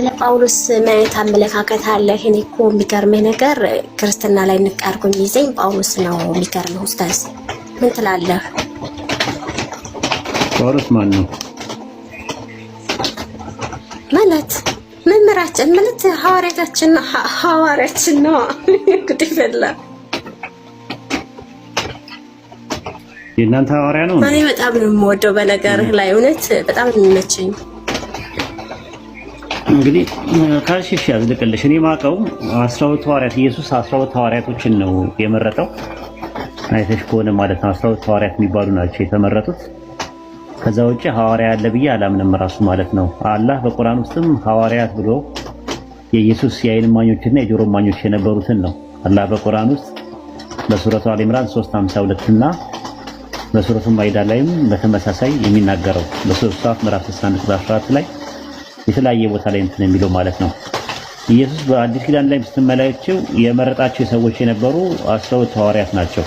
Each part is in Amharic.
ስለ ጳውሎስ ምን አይነት አመለካከት አለ? እኔ እኮ የሚገርምህ ነገር ክርስትና ላይ ንቃርኩ የሚይዘኝ ጳውሎስ ነው። የሚገርምህ ውስታዝ ምን ትላለህ? ጳውሎስ ማን ነው ማለት መምህራችን ማለት ሐዋርያታችን ሐዋርያችን ነው። እንግዲህ ፈላ የእናንተ ሐዋርያ ነው። እኔ በጣም ነው የምወደው በነገርህ ላይ እውነት በጣም የሚመቸኝ እንግዲህ ካልሽሽ ያዝልቅልሽ። እኔ ማቀው አስራ ሁለት ሐዋርያት ኢየሱስ አስራ ሁለት ሐዋርያቶችን ነው የመረጠው። አይተሽ ከሆነ ማለት ነው አስራ ሁለት ሐዋርያት የሚባሉ ናቸው የተመረጡት። ከዛ ውጪ ሐዋርያ አለ ብዬ አላምንም ራሱ ማለት ነው። አላህ በቁርአን ውስጥም ሐዋርያት ብሎ የኢየሱስ የዓይን ማኞችና የጆሮ ማኞች የነበሩትን ነው አላህ በቁርአን ውስጥ በሱረቱ አለ ኢምራን 352 እና በሱረቱ ማይዳ ላይም በተመሳሳይ የሚናገረው በሱረቱ ሳፍ ምዕራፍ 61 ቁጥር 14 ላይ የተለያየ ቦታ ላይ እንትን የሚለው ማለት ነው። ኢየሱስ በአዲስ ኪዳን ላይ ስትመለከቱ የመረጣቸው ሰዎች የነበሩ አስራሁለቱ ሐዋርያት ናቸው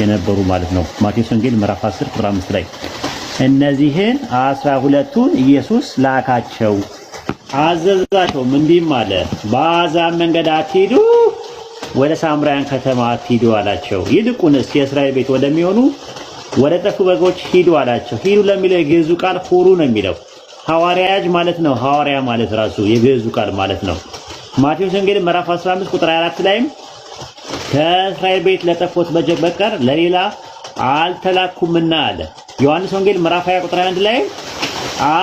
የነበሩ ማለት ነው። ማቴዎስ ወንጌል ምዕራፍ 10 ቁጥር 5 ላይ እነዚህን አስራ ሁለቱን ኢየሱስ ላካቸው አዘዛቸውም፣ እንዲህም አለ በአሕዛብ መንገድ አትሂዱ፣ ወደ ሳምራውያን ከተማ አትሂዱ አላቸው። ይልቁንስ የእስራኤል ቤት ወደሚሆኑ ወደ ጠፉ በጎች ሂዱ አላቸው። ሂዱ ለሚለው የግዕዙ ቃል ሁሩ ነው የሚለው ሐዋርያጅ ማለት ነው። ሐዋርያ ማለት ራሱ የግዕዙ ቃል ማለት ነው። ማቴዎስ ወንጌል ምዕራፍ 15 ቁጥር 24 ላይም ከእስራኤል ቤት በጀ በቀር ለሌላ አልተላኩምና አለ። ዮሐንስ ወንጌል ምዕራፍ 20 ቁጥር 21 ላይ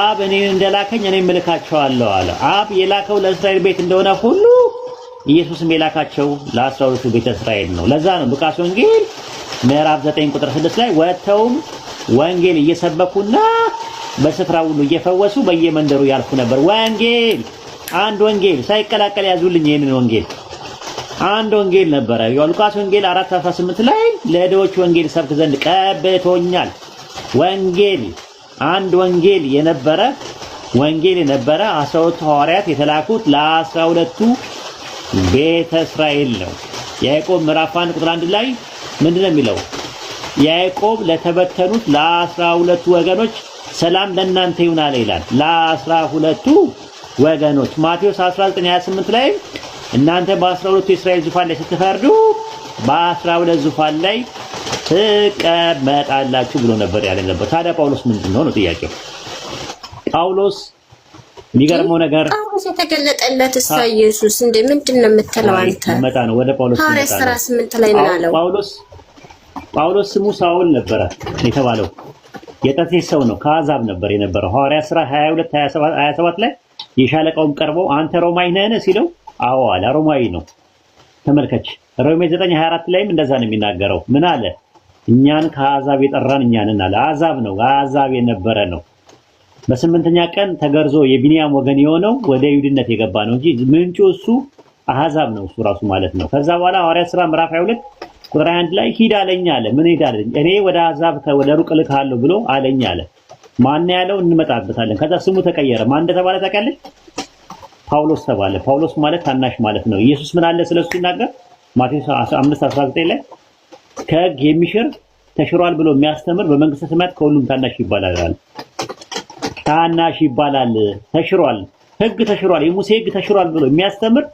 አብ እኔ እንደላከኝ እኔ እልካቸዋለሁ አለ። አብ የላከው ለእስራኤል ቤት እንደሆነ ሁሉ ኢየሱስም የላካቸው ለአስራ ሁለቱ ቤተ እስራኤል ነው። ለዛ ነው ሉቃስ ወንጌል ምዕራፍ 9 ቁጥር 6 ላይ ወጥተውም ወንጌል እየሰበኩና በስፍራ ሁሉ እየፈወሱ በየመንደሩ ያልፉ ነበር። ወንጌል አንድ ወንጌል ሳይቀላቀል ያዙልኝ። ይህንን ወንጌል አንድ ወንጌል ነበረ። የሉቃስ ወንጌል 4:18 ላይ ለድሆች ወንጌል ሰብክ ዘንድ ቀብቶኛል። ወንጌል አንድ ወንጌል የነበረ ወንጌል የነበረ አስራ ሁለቱ ሐዋርያት የተላኩት ለአስራ ሁለቱ ቤተ እስራኤል ነው። ያዕቆብ ምዕራፍ 1 ቁጥር 1 ላይ ምንድነው የሚለው? ያዕቆብ ለተበተኑት ለአስራ ሁለቱ ወገኖች ሰላም ለእናንተ ይሁን አለ ይላል ለአስራ ሁለቱ ወገኖች ማቴዎስ 19:28 ላይ እናንተ በአስራ ሁለቱ የእስራኤል ዙፋን ላይ ስትፈርዱ በአስራ ሁለት ዙፋን ላይ ትቀመጣላችሁ ብሎ ነበር ያለ ነበር። ታዲያ ጳውሎስ ምንድን ነው ነው ጥያቄው። ጳውሎስ የሚገርመው ነገር ጳውሎስ የተገለጠለት እሳ ኢየሱስ እንደ ምንድን ነው የምትለው አንተ? መጣ ነው ወደ ጳውሎስ ሐዋርያት ሥራ ስምንት ላይ ምን ጳውሎስ? ጳውሎስ ስሙ ሳውል ነበረ የተባለው የጠርሴስ ሰው ነው። ከአዛብ ነበር የነበረው። ሐዋርያ ስራ 22 27 ላይ የሻለቃውም ቀርበው አንተ ሮማይ ነህን ሲለው አዎ አለ። ሮማዊ ነው። ተመልከች ሮሜ 9 24 ላይም እንደዛ ነው የሚናገረው። ምን አለ? እኛን ከአዛብ የጠራን እኛንን አለ። አሕዛብ ነው፣ አዛብ የነበረ ነው። በስምንተኛ ቀን ተገርዞ የቢንያም ወገን የሆነው ወደ ይሁድነት የገባ ነው እንጂ ምንጩ እሱ አሕዛብ ነው እሱ ራሱ ማለት ነው። ከዛ በኋላ ሐዋርያ ስራ ምዕራፍ 22 ቁጥር አንድ ላይ ሂድ አለኝ አለ። ምን ሂድ አለኝ? እኔ ወደ አዛብ ወደ ሩቅ እልክሃለሁ ብሎ አለኝ አለ። ማን ያለው እንመጣበታለን። ከዛ ስሙ ተቀየረ። ማን እንደተባለ ታውቂያለሽ? ጳውሎስ ተባለ። ጳውሎስ ማለት ታናሽ ማለት ነው። ኢየሱስ ምን አለ ስለሱ ሲናገር ማቴዎስ 5 19 ላይ ከህግ የሚሽር ተሽሯል ብሎ የሚያስተምር በመንግስተ ሰማያት ከሁሉም ታናሽ ይባላል ታናሽ ይባላል ተሽሯል፣ ህግ ተሽሯል፣ የሙሴ ህግ ተሽሯል ብሎ የሚያስተምር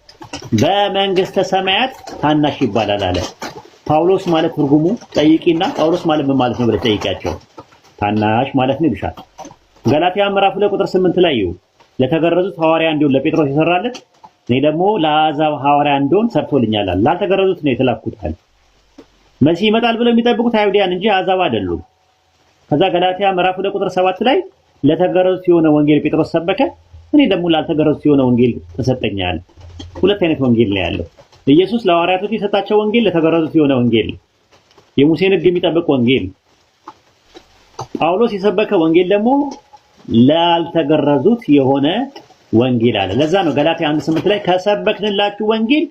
በመንግስተ ሰማያት ታናሽ ይባላል አለ። ጳውሎስ ማለት ትርጉሙ ጠይቂና ጳውሎስ ማለት ምን ማለት ነው ብለ ጠይቂያቸው። ታናሽ ማለት ነው ይልሻል። ገላትያ ምዕራፍ ሁለት ቁጥር ስምንት ላይ ይኸው ለተገረዙት ሐዋርያ እንዲሆን ለጴጥሮስ የሰራለት እኔ ደግሞ ለአሕዛብ ሐዋርያ እንዲሆን ሰርቶልኛል። ላልተገረዙት ነው የተላኩት። መሲህ ይመጣል ብለው የሚጠብቁት አይሁዲያን እንጂ አሕዛብ አይደሉም። ከዛ ገላትያ ምዕራፍ ሁለት ቁጥር ሰባት ላይ ለተገረዙት የሆነ ወንጌል ጴጥሮስ ሰበከ፣ እኔ ደግሞ ላልተገረዙት የሆነ ወንጌል ተሰጠኛል። ሁለት አይነት ወንጌል ነው ያለው። ኢየሱስ ለሐዋርያቶች የሰጣቸው ወንጌል ለተገረዙት የሆነ ወንጌል፣ የሙሴን ሕግ የሚጠብቅ ወንጌል። ጳውሎስ የሰበከ ወንጌል ደግሞ ላልተገረዙት የሆነ ወንጌል አለ። ለዛ ነው ገላትያ አንድ ስምንት ላይ ከሰበክንላችሁ ወንጌል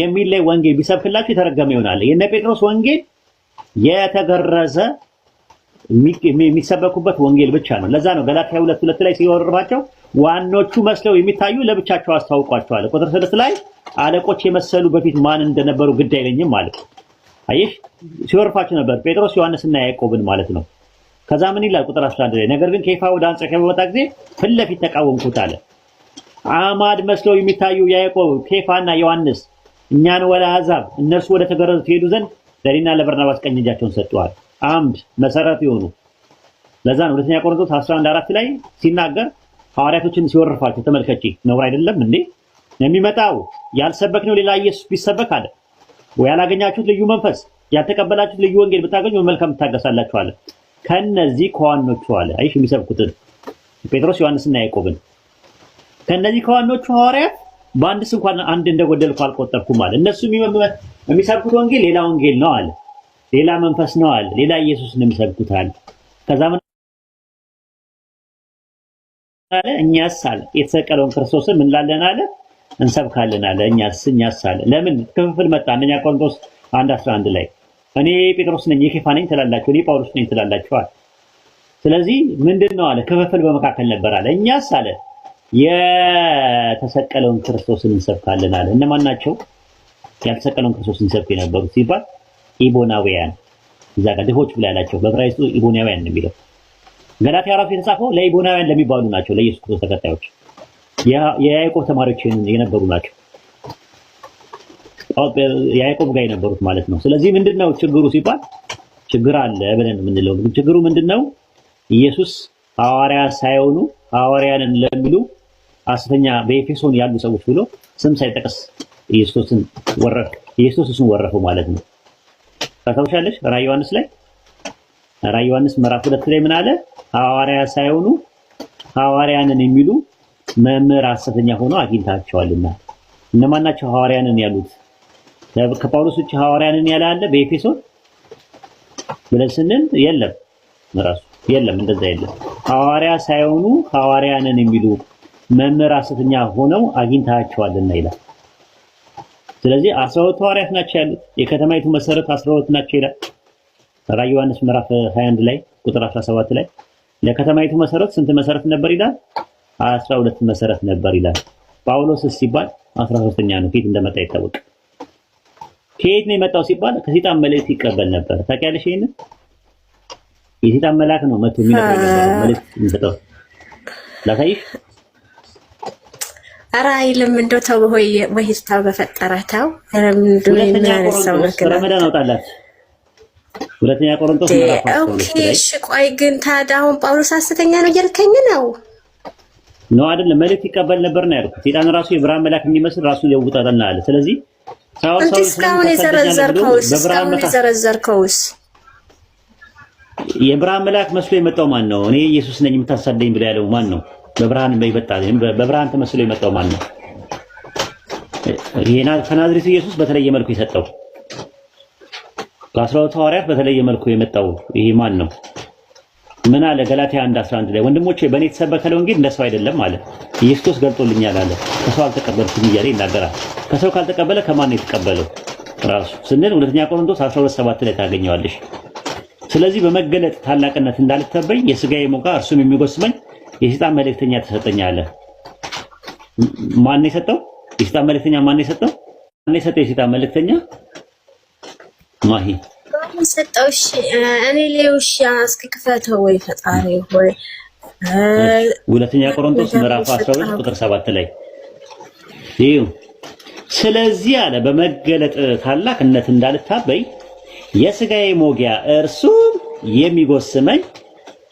የሚል ላይ ወንጌል ቢሰብክላችሁ የተረገመ ይሆናል። የነ ጴጥሮስ ወንጌል የተገረዘ የሚሰበኩበት ወንጌል ብቻ ነው። ለዛ ነው ገላትያ ሁለት ሁለት ላይ ሲወርባቸው ዋኖቹ መስለው የሚታዩ ለብቻቸው አስተዋውቋቸዋል። ቁጥር ስድስት ላይ አለቆች የመሰሉ በፊት ማን እንደነበሩ ግድ አይለኝም ማለት ነው። አየሽ ሲወርፋቸው ነበር ጴጥሮስ እና ያዕቆብን ማለት ነው። ከዛ ምን ይላል ቁጥር 11 ላይ ነገር ግን ኬፋ ወደ አንጾኪያ በመጣ ጊዜ ፊት ለፊት ተቃወምኩት አለ። አማድ መስለው የሚታዩ ያዕቆብ ኬፋና ዮሐንስ እኛን ወደ አሕዛብ እነርሱ ወደ ተገረዙ ትሄዱ ዘንድ ለእኔና ለበርናባስ ቀኝ እጃቸውን ሰጥተዋል። አምድ መሰረት የሆኑ ለዛ ነው ሁለተኛ ቆሮንቶስ 11 አራት ላይ ሲናገር ሐዋርያቶችን ሲወርፋቸው ተመልከቼ ነውር አይደለም እንዴ? የሚመጣው ያልሰበክ ነው ሌላ ኢየሱስ ቢሰበክ አለ ወይ ያላገኛችሁት ልዩ መንፈስ ያልተቀበላችሁት ልዩ ወንጌል ብታገኙ መልካም ትታገሳላችሁ አለ። ከነዚህ ከዋኖቹ አለ አይሽ የሚሰብኩትን ጴጥሮስ ዮሐንስና ያዕቆብን ከነዚህ ከዋኖቹ ሐዋርያት በአንድስ እንኳን አንድ እንደጎደልኩ አልቆጠርኩም አለ። እነሱ የሚሰብኩት ወንጌል ሌላ ወንጌል ነው አለ። ሌላ መንፈስ ነው አለ። ሌላ ኢየሱስ ነው የሚሰብኩት አለ። ከዛ አለ እኛስ አለ የተሰቀለውን ክርስቶስን ምን ላለን አለ እንሰብካለን አለ እኛስ እኛስ አለ ለምን ክፍፍል መጣ አንደኛ ቆሮንቶስ አንድ አስራ አንድ ላይ እኔ ጴጥሮስ ነኝ የኬፋ ነኝ ትላላችሁ እኔ ጳውሎስ ነኝ ትላላችኋል ስለዚህ ምንድን ነው አለ ክፍፍል በመካከል ነበር አለ እኛስ አለ የተሰቀለውን ክርስቶስን እንሰብካለን አለ እነማን ናቸው ያልተሰቀለውን ክርስቶስ እንሰብክ የነበሩት ሲባል ኢቦናውያን እዛ ጋር ድሆች ብላ ያላቸው በዕብራይስጡ ኢቦናውያን ነው የሚለው ገላትያ ራሱ የተጻፈው ለኢቦናውያን ለሚባሉ ናቸው፣ ለኢየሱስ ክርስቶስ ተከታዮች የያዕቆብ ተማሪዎች የነበሩ ናቸው፣ ያዕቆብ ጋር የነበሩት ማለት ነው። ስለዚህ ምንድነው ችግሩ ሲባል ችግር አለ ብለን የምንለው ችግሩ ምንድነው? ኢየሱስ ሐዋርያ ሳይሆኑ ሐዋርያንን ለሚሉ ሐሰተኛ በኤፌሶን ያሉ ሰዎች ብሎ ስም ሳይጠቅስ ኢየሱስን ወረፈ። ኢየሱስን ወረፈው ማለት ነው። ታስታውሻለሽ ራዕየ ዮሐንስ ላይ ራ ዮሐንስ ምዕራፍ ሁለት ላይ ምን አለ? ሐዋርያ ሳይሆኑ ሐዋርያንን የሚሉ መምህር ሐሰተኛ ሆነው አግኝታቸዋልና። እነማን ናቸው ሐዋርያንን ያሉት? ከጳውሎስ ውጭ ሐዋርያንን ያለ አለ በኤፌሶን ብለን ስንል የለም፣ ራሱ የለም፣ እንደዛ የለም። ሐዋርያ ሳይሆኑ ሐዋርያንን የሚሉ መምህር ሐሰተኛ ሆነው አግኝታቸዋልና ይላል። ስለዚህ አስራ ሁለት ሐዋርያት ናቸው ያሉት። የከተማይቱ መሰረት አስራ ሁለት ናቸው ይላል። ራዕየ ዮሐንስ ምዕራፍ 21 ላይ ቁጥር 17 ላይ ለከተማይቱ መሰረት ስንት መሰረት ነበር ይላል? 12 መሰረት ነበር ይላል። ጳውሎስ ሲባል 13ኛ ነው። ፊት እንደመጣ ይታወቅ። ከየት ነው የመጣው ሲባል ከሴጣን መልእክት ይቀበል ነበር። ታውቂያለሽ? ይሄን የሴጣን መልአክ ነው መቶ የሚለው ላሳይሽ። ኧረ አይልም እንደው ተው፣ ወይ ወይ ስታው ረመዳን አውጣላት ሁለተኛ ቆሮንቶስ ምዕራፍ እሺ፣ ቆይ ግን ታዲያ አሁን ጳውሎስ ሐሰተኛ ነው እያልከኝ ነው? ነው መልእክት ይቀበል ነበር ነው ያልኩት። ሴጣን ራሱ የብርሃን መልአክ የሚመስል ራሱን ይለውጣልና አለ። ስለዚህ እስካሁን የዘረዘርከውስ የብርሃን መልአክ መስሎ የመጣው ማን ነው? እኔ ኢየሱስ ነኝ የምታሳደኝ ብለ ያለው ማን ነው? በብርሃን ይመጣል። በብርሃን ተመስሎ የመጣው ማን ነው? ከናዝሬቱ ኢየሱስ በተለየ መልኩ የሰጠው ከአስራሁለቱ ሐዋርያት በተለየ መልኩ የመጣው ይህ ማን ነው? ምን አለ? ገላትያ 1 አንድ ላይ ወንድሞቼ በእኔ የተሰበከ ወንጌል እንደ ሰው አይደለም አለ። ኢየሱስ ገልጦልኛል አለ። ከሰው አልተቀበልኩም እያለ ይናገራል። ከሰው ካልተቀበለ ከማን ነው የተቀበለው? ራሱ ስንል ሁለተኛ ቆሮንቶስ 12:7 ላይ ታገኘዋለሽ። ስለዚህ በመገለጥ ታላቅነት እንዳልተበኝ የስጋዬ ሞቃ እርሱም የሚጎስመኝ የሰይጣን መልእክተኛ ተሰጠኝ አለ። ማን የሰጠው? የሰይጣን መልእክተኛ ማን የሰጠው? ማን የሰጠው? የሰይጣን መልእክተኛ ማሂ ሰጠውሽ እኔ እስኪ ክፈተው ወይ ፈጣሪ ሆይ። ሁለተኛ ቆሮንቶስ ምዕራፍ 12 ቁጥር 7 ላይ ይሁ ስለዚህ አለ በመገለጥ ታላቅነት እንዳልታበይ የስጋዬ ሞጊያ እርሱም የሚጎስመኝ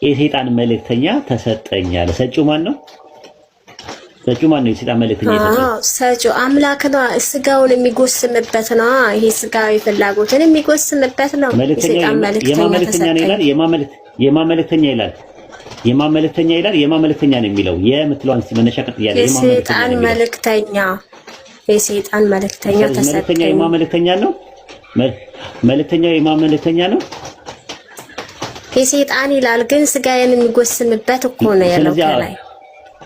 የሰይጣን መልእክተኛ ተሰጠኝ አለ። ሰጪው ማን ነው? ሰጩ ማን ነው? የሰይጣን መልእክተኛ ሰጩ አምላክ ነው። ስጋውን የሚጎስምበት ነው። ይሄ ስጋዊ ፍላጎትን የሚጎስምበት ነው። የሰይጣን መልእክተኛ ነው ይላል። የማ መልእክተኛ ይላል። የማ መልእክተኛ ይላል። የማ መልእክተኛ ነው የሚለው የምትለዋን መነሻ ቅጥያ ነው። የሰይጣን መልእክተኛ የሰይጣን መልእክተኛ ተሰጠኝ። የማ መልእክተኛ ነው። መልእክተኛው የማ መልእክተኛ ነው። የሰይጣን ይላል ግን ስጋዬን የሚጎስምበት እኮ ነው ያለው ከላይ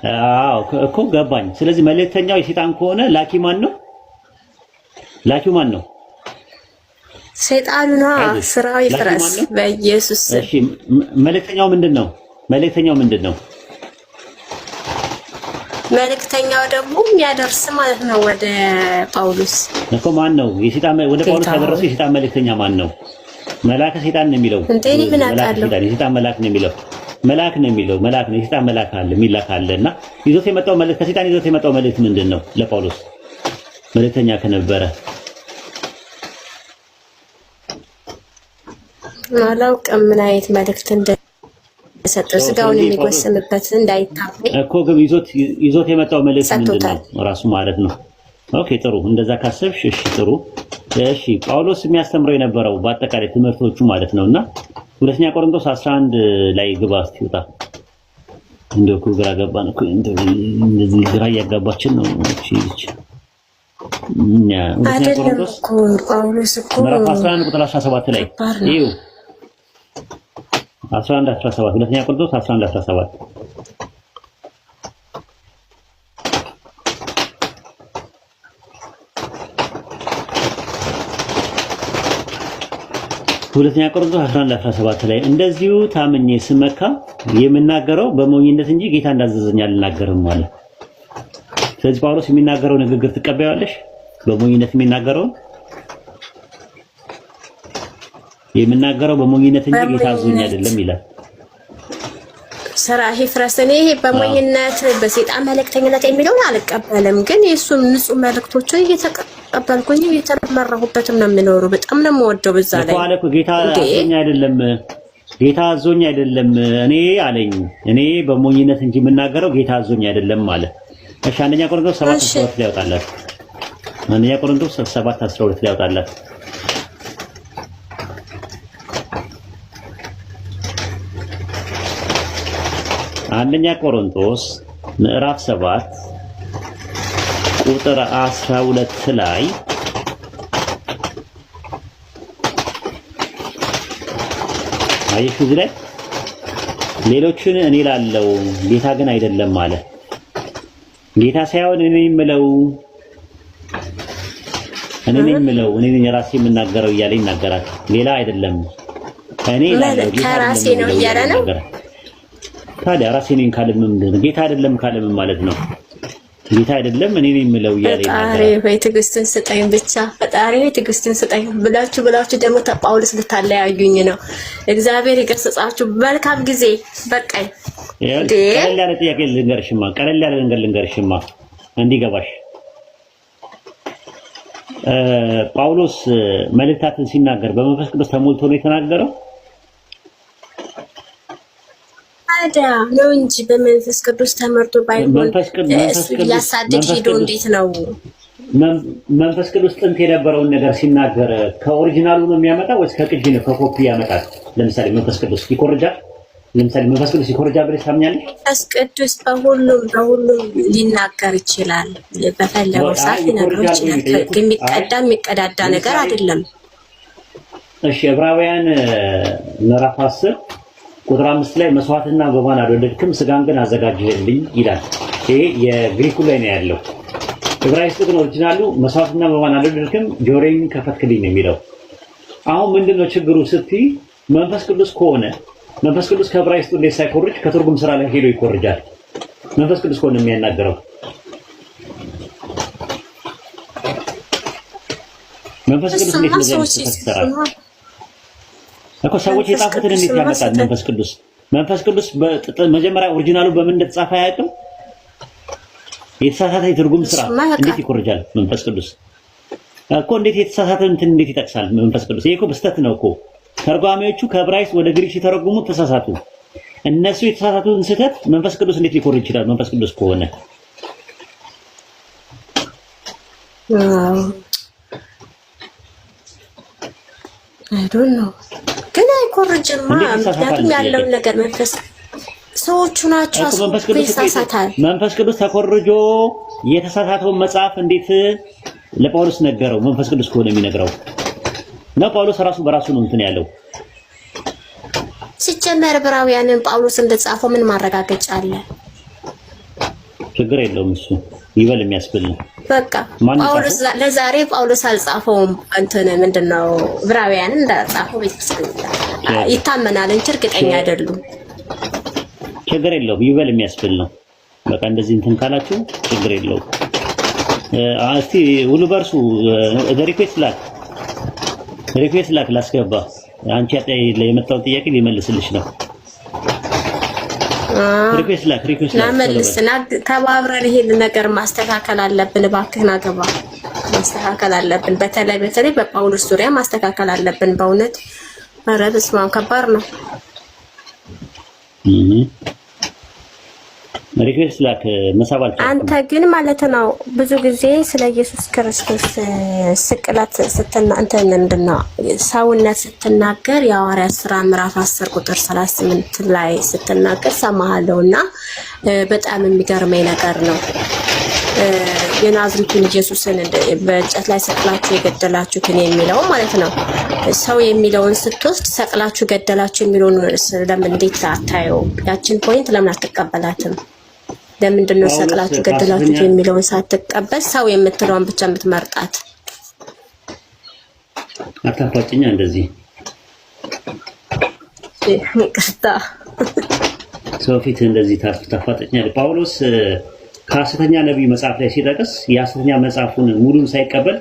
አዎ እኮ ገባኝ። ስለዚህ መልእክተኛው የሰይጣን ከሆነ ላኪ ማን ነው? ላኪ ማን ነው? ሰይጣኑ ነው። ስራው ይፍረስ በኢየሱስ። እሺ መልእክተኛው ምንድን ነው? መልእክተኛው ምንድን ነው? መልእክተኛው ደግሞ የሚያደርስ ማለት ነው ወደ ጳውሎስ እኮ ማን ነው? የሰይጣን ወደ ጳውሎስ ያደረሰው የሰይጣን መልእክተኛ ማን ነው? መልአከ ሰይጣን ነው የሚለው እንዴ? ምን አጣለው? የሰይጣን መልአክ ነው የሚለው መልአክ ነው የሚለው መልአክ ነው የሰይጣን መልአክ አለ የሚላክ አለና ይዞት የመጣው መልእክት ከሰይጣን ይዞት የመጣው መልእክት ምንድን ነው? ለጳውሎስ መልእክተኛ ከነበረ አላውቅም ምን አይነት መልእክት እንደሰጠው ስጋውን የሚጎስምበት እንዳይታበይ እኮ ግን ይዞት ይዞት የመጣው መልእክት ምንድን ነው? ራሱ ማለት ነው። ኦኬ ጥሩ እንደዛ ካሰብሽ እሺ ጥሩ እሺ ጳውሎስ የሚያስተምረው የነበረው በአጠቃላይ ትምህርቶቹ ማለት ነውና ሁለተኛ ቆሮንቶስ 11 ላይ ግባ ስትወጣ እንደው እኮ ግራ ገባን እኮ እንደዚህ ግራ እያጋባችን ነው። እሺ እሺ ሁለተኛ ቆሮንቶስ ጳውሎስ እኮ ምዕራፍ 11 ቁጥር 17 ላይ ይኸው 11 17 ሁለተኛ ቆሮንቶስ 11 17 ሁለተኛ ቆሮንቶስ 11 17 ላይ እንደዚሁ ታምኜ ስመካ የምናገረው በሞኝነት እንጂ ጌታ እንዳዘዘኝ አልናገርም አለ። ስለዚህ ጳውሎስ የሚናገረው ንግግር ትቀበያለሽ? በሞኝነት የሚናገረው የምናገረው በሞኝነት እንጂ ጌታ አዘዘኝ አይደለም ይላል። ሰራሂ ፍረስኔ በሞኝነት በሴጣን መልእክተኝነት የሚለውን አልቀበልም፣ ግን የእሱም ንጹህ መልእክቶችን እየተቀ ተቀበልኩኝ። የተመራሁበትም ነው የምኖሩ። በጣም ነው የምወደው። በዛ ላይ አለኩ ጌታ አዞኝ አይደለም ጌታ አዞኝ አይደለም እኔ አለኝ እኔ በሞኝነት እንጂ የምናገረው ጌታ አዞኝ አይደለም ማለት እሺ። አንደኛ ቆሮንቶስ 7:12 ላይ ያወጣላችሁ። አንደኛ ቆሮንቶስ 7:12 ላይ ያወጣላችሁ። አንደኛ ቆሮንቶስ ምዕራፍ 7 ቁጥር 12 ላይ አየሽ እዚህ ላይ ሌሎችን እኔ ላለው ጌታ ግን አይደለም አለ። ጌታ ሳይሆን እኔ የምለው እኔ ነኝ የምለው እኔ ነኝ ራሴ የምናገረው እያለ ይናገራል። ሌላ አይደለም እኔ ላለው ጌታ ራሴ ነው እያለ ነው። ታዲያ ራሴ ነኝ ካለ ምን ጌታ አይደለም ካለ ምን ማለት ነው? ጌታ አይደለም እኔ ነው የምለው እያለ ፈጣሪ ወይ ትዕግስትን ስጠኝ ብቻ ፈጣሪ ወይ ትዕግስትን ስጠኝ ብላችሁ ብላችሁ ደግሞ ጳውሎስ ልታለያዩኝ ነው። እግዚአብሔር ይቅር ይቅርጻችሁ። መልካም ጊዜ። በቃኝ። ቀለል ያለ ጥያቄ ልንገርሽማ፣ ቀለል ያለ ነገር ልንገርሽማ እንዲገባሽ። ጳውሎስ መልእክታትን ሲናገር በመንፈስ ቅዱስ ተሞልቶ ነው የተናገረው። ታዲያ ነው እንጂ በመንፈስ ቅዱስ ተመርቶ ባይሆን እሱ እያሳደግ ሄዶ እንዴት ነው መንፈስ ቅዱስ ጥንት የነበረውን ነገር ሲናገር ከኦሪጂናሉ ነው የሚያመጣ ወይስ ከቅጂ ነው ከኮፒ ያመጣል? ለምሳሌ መንፈስ ቅዱስ ይኮርጃል። ለምሳሌ መንፈስ ቅዱስ ይኮርጃል ብለሽ ታምኛለሽ? መንፈስ ቅዱስ በሁሉም በሁሉም ሊናገር ይችላል። በፈለገው ሰዓት ሊናገር ይችላል። የሚቀዳ የሚቀዳዳ ነገር አይደለም። እሺ ዕብራውያን ምዕራፍ አስር ቁጥር አምስት ላይ መስዋዕትና በማን አልወለድክም ስጋን ግን አዘጋጅልኝ ይላል። ይሄ የግሪኩ ላይ ነው ያለው። ዕብራይስጥ ግን ኦሪጂናሉ መስዋዕትና በማን አልወለድክም ጆሮዬን ከፈትክልኝ ነው የሚለው። አሁን ምንድን ነው ችግሩ ስትይ መንፈስ ቅዱስ ከሆነ መንፈስ ቅዱስ ከዕብራይስጡ እንዴት ሳይኮርጅ ከትርጉም ስራ ላይ ሄዶ ይኮርጃል። መንፈስ ቅዱስ ከሆነ የሚያናገረው መንፈስ ቅዱስ እንዴት ነው ለዘ እኮ ሰዎች የጻፉትን እንዴት ያመጣል? መንፈስ ቅዱስ መንፈስ ቅዱስ መጀመሪያ ኦሪጂናሉ በምን እንደተጻፈ አያውቅም። የተሳሳተ የትርጉም ስራ እንዴት ይኮርጃል? መንፈስ ቅዱስ እኮ እንዴት የተሳሳተ እንትን እንዴት ይጠቅሳል? መንፈስ ቅዱስ ይሄ እኮ በስተት ነው እኮ። ተርጓሚዎቹ ከብራይስ ወደ ግሪክ ሲተረጉሙ ተሳሳቱ። እነሱ የተሳሳቱን ስህተት መንፈስ ቅዱስ እንዴት ሊኮርጅ ይችላል? መንፈስ ቅዱስ ከሆነ አይ ዶንት ኖ ግን አይኮርጅማ። ምክንያቱም ያለውን ነገር መንፈስ ሰዎቹ ናቸው ይሳሳታል። መንፈስ ቅዱስ ተኮርጆ የተሳሳተውን መጽሐፍ እንዴት ለጳውሎስ ነገረው? መንፈስ ቅዱስ ከሆነ የሚነግረው ነው። ጳውሎስ ራሱ በራሱ ነው እንትን ያለው። ሲጀመር ዕብራውያንን ጳውሎስ እንደጻፈው ምን ማረጋገጫ አለ? ችግር የለውም። እሱ ይበል የሚያስብል ነው። በቃ ጳውሎስ ለዛሬ ጳውሎስ አልጻፈውም። አንተነ ምንድን ነው ዕብራውያንን እንዳጻፈው ቤተክርስቲያን ይታመናል እንጂ እርግጠኛ አይደሉም። ችግር የለውም። ይበል የሚያስብል ነው። በቃ እንደዚህ እንትን ካላችሁ ችግር የለውም። እስቲ ሁሉ በርሱ ሪኩዌስት ላክ፣ ሪኩዌስት ላክ ላስገባ። አንቺ የመጣውን ጥያቄ ሊመልስልሽ ነው። ሪኩዌስት ተባብረን ይሄን ነገር ማስተካከል አለብን። እባክህን አገባ ማስተካከል አለብን። በተለይ በተለይ በጳውሎስ ዙሪያ ማስተካከል አለብን። በእውነት ኧረ በስመ አብ ከባድ ነው። ሪኩዌስት ላክ አንተ ግን ማለት ነው ብዙ ጊዜ ስለ ኢየሱስ ክርስቶስ ስቅለት ስትና አንተ ምንድን ሰውነት ስትናገር የሐዋርያት ስራ ምዕራፍ 10 ቁጥር 38 ላይ ስትናገር ሰማሃለውና በጣም የሚገርመኝ ነገር ነው የናዝሪቱን ኢየሱስን በእንጨት ላይ ሰቅላችሁ የገደላችሁትን የሚለው ማለት ነው። ሰው የሚለውን ስትወስድ ሰቅላችሁ ገደላችሁ የሚለውን ስለምን እንዴት አታየው? ያችን ፖይንት ለምን አትቀበላትም? ለምንድን ነው ሰቅላችሁ ገደላችሁት የሚለውን ሳትቀበል ሰው የምትለውን ብቻ የምትመርጣት? አታፋጭኛ እንደዚህ ቅርታ ሰው ፊት እንደዚህ ታፋጠኛል። ጳውሎስ ከሐሰተኛ ነቢይ መጽሐፍ ላይ ሲጠቅስ የሐሰተኛ መጽሐፉን ሙሉን ሳይቀበል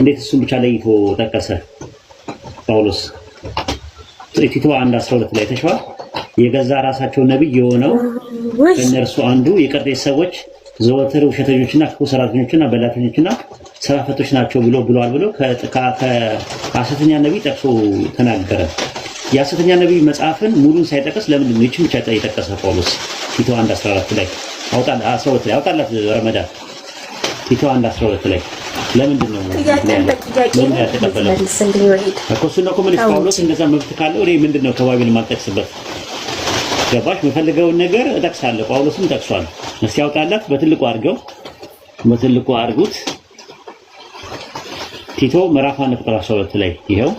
እንዴት እሱን ብቻ ለይቶ ጠቀሰ? ጳውሎስ ቲቶ አንድ አስራ ሁለት ላይ ተሸዋ የገዛ ራሳቸው ነቢይ የሆነው ከእነርሱ አንዱ የቀርጤስ ሰዎች ዘወትር ውሸተኞችና ክፉ ሰራተኞችና በላተኞችና ሰራፈቶች ናቸው ብሎ ብሏል ብሎ ከሐሰተኛ ነቢይ ጠቅሶ ተናገረ። የሐሰተኛ ነቢይ መጽሐፍን ሙሉን ሳይጠቀስ ለምንድን ነው ይህችን ብቻ የጠቀሰ ጳውሎስ? ቲቶ 1 14 ላይ አውጣላት ረመዳን ቲቶ 1 12 ላይ ለምንድን ነው ያልተቀበለው? እኮ እሱን እኮ ምን ጳውሎስ እንደዛ መብት ካለው እኔ ምንድን ነው ከባቢል የማልጠቅስበት ገባሽ? የምፈልገውን ነገር እጠቅሳለሁ። ጳውሎስም ጠቅሷል። እስቲ ያውጣላት በትልቁ አድርገው፣ በትልቁ አድርጉት። ቲቶ ምዕራፍ አንድ ቁጥር ላይ ይኸው